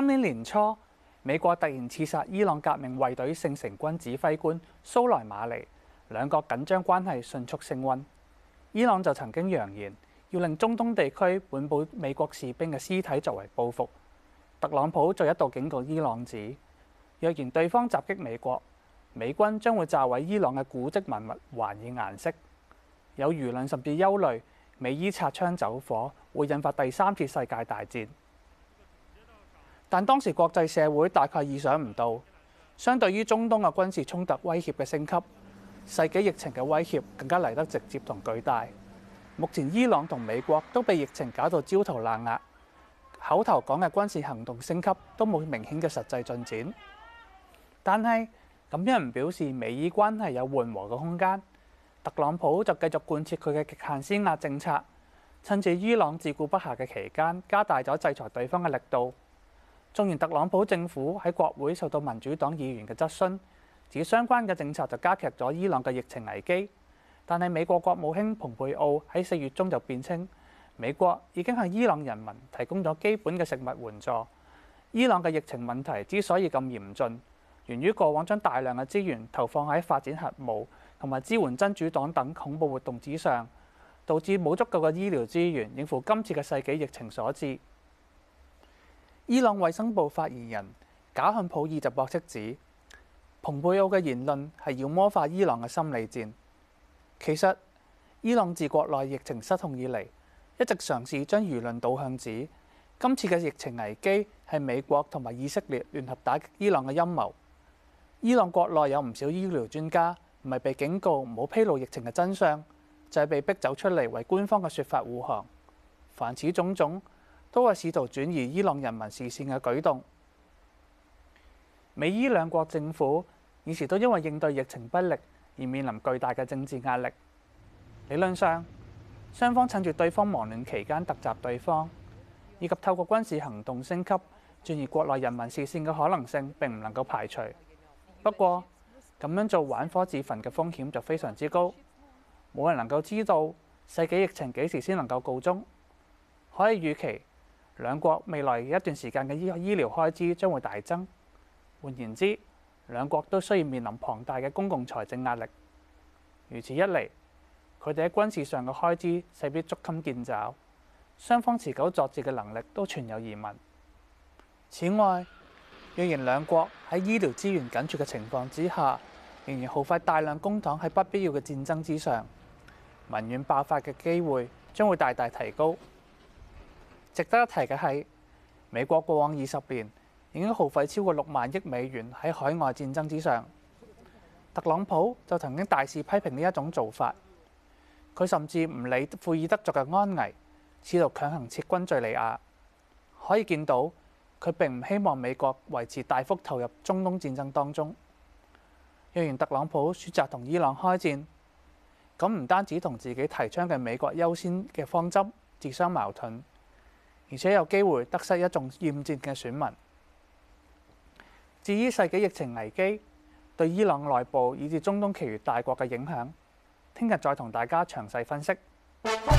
今年年初，美國突然刺殺伊朗革命衛隊聖城軍指揮官蘇萊馬尼，兩國緊張關係迅速升温。伊朗就曾經揚言要令中東地區本部美國士兵嘅屍體作為報復。特朗普再一度警告伊朗，指若然對方襲擊美國，美軍將會炸毀伊朗嘅古蹟文物，還以顏色。有輿論甚至憂慮美伊擦槍走火會引發第三次世界大戰。但當時國際社會大概意想唔到，相對於中東嘅軍事衝突威脅嘅升級，世紀疫情嘅威脅更加嚟得直接同巨大。目前伊朗同美國都被疫情搞到焦頭爛額，口頭講嘅軍事行動升級都冇明顯嘅實際進展。但係咁樣唔表示美伊關係有緩和嘅空間。特朗普就繼續貫徹佢嘅極限施壓政策，趁住伊朗自顧不暇嘅期間，加大咗制裁對方嘅力度。縱然特朗普政府喺國會受到民主黨議員嘅質詢，指相關嘅政策就加劇咗伊朗嘅疫情危機。但係美國國務卿蓬佩奧喺四月中就辯稱，美國已經向伊朗人民提供咗基本嘅食物援助。伊朗嘅疫情問題之所以咁嚴峻，源於過往將大量嘅資源投放喺發展核武同埋支援真主黨等恐怖活動之上，導致冇足夠嘅醫療資源應付今次嘅世紀疫情所致。伊朗衛生部發言人賈漢普爾就駁斥指，蓬佩奧嘅言論係妖魔化伊朗嘅心理戰。其實，伊朗自國內疫情失控以嚟，一直嘗試將輿論導向指，今次嘅疫情危機係美國同埋以色列聯合打擊伊朗嘅陰謀。伊朗國內有唔少醫療專家唔係被警告唔好披露疫情嘅真相，就係、是、被逼走出嚟為官方嘅說法護航。凡此種種。都係試圖轉移伊朗人民視線嘅舉動。美伊兩國政府以前都因為應對疫情不力而面臨巨大嘅政治壓力。理論上，雙方趁住對方忙亂期間突襲對方，以及透過軍事行動升級轉移國內人民視線嘅可能性並唔能夠排除。不過咁樣做玩火自焚嘅風險就非常之高，冇人能夠知道世紀疫情幾時先能夠告終。可以預期。兩國未來一段時間嘅醫醫療開支將會大增，換言之，兩國都需要面臨龐大嘅公共財政壓力。如此一嚟，佢哋喺軍事上嘅開支勢必捉襟見肘，雙方持久作戰嘅能力都存有疑問。此外，若然兩國喺醫療資源緊缺嘅情況之下，仍然耗費大量公帑喺不必要嘅戰爭之上，民怨爆發嘅機會將會大大提高。值得一提嘅係，美國過往二十年已經耗費超過六萬億美元喺海外戰爭之上。特朗普就曾經大肆批評呢一種做法，佢甚至唔理庫爾德族嘅安危，試圖強行撤軍敘利亞。可以見到佢並唔希望美國維持大幅投入中東戰爭當中。若然特朗普選擇同伊朗開戰，咁唔單止同自己提倡嘅美國優先嘅方針自相矛盾。而且有機會得失一眾厭戰嘅選民。至於世紀疫情危機對伊朗內部以至中東其餘大國嘅影響，聽日再同大家詳細分析。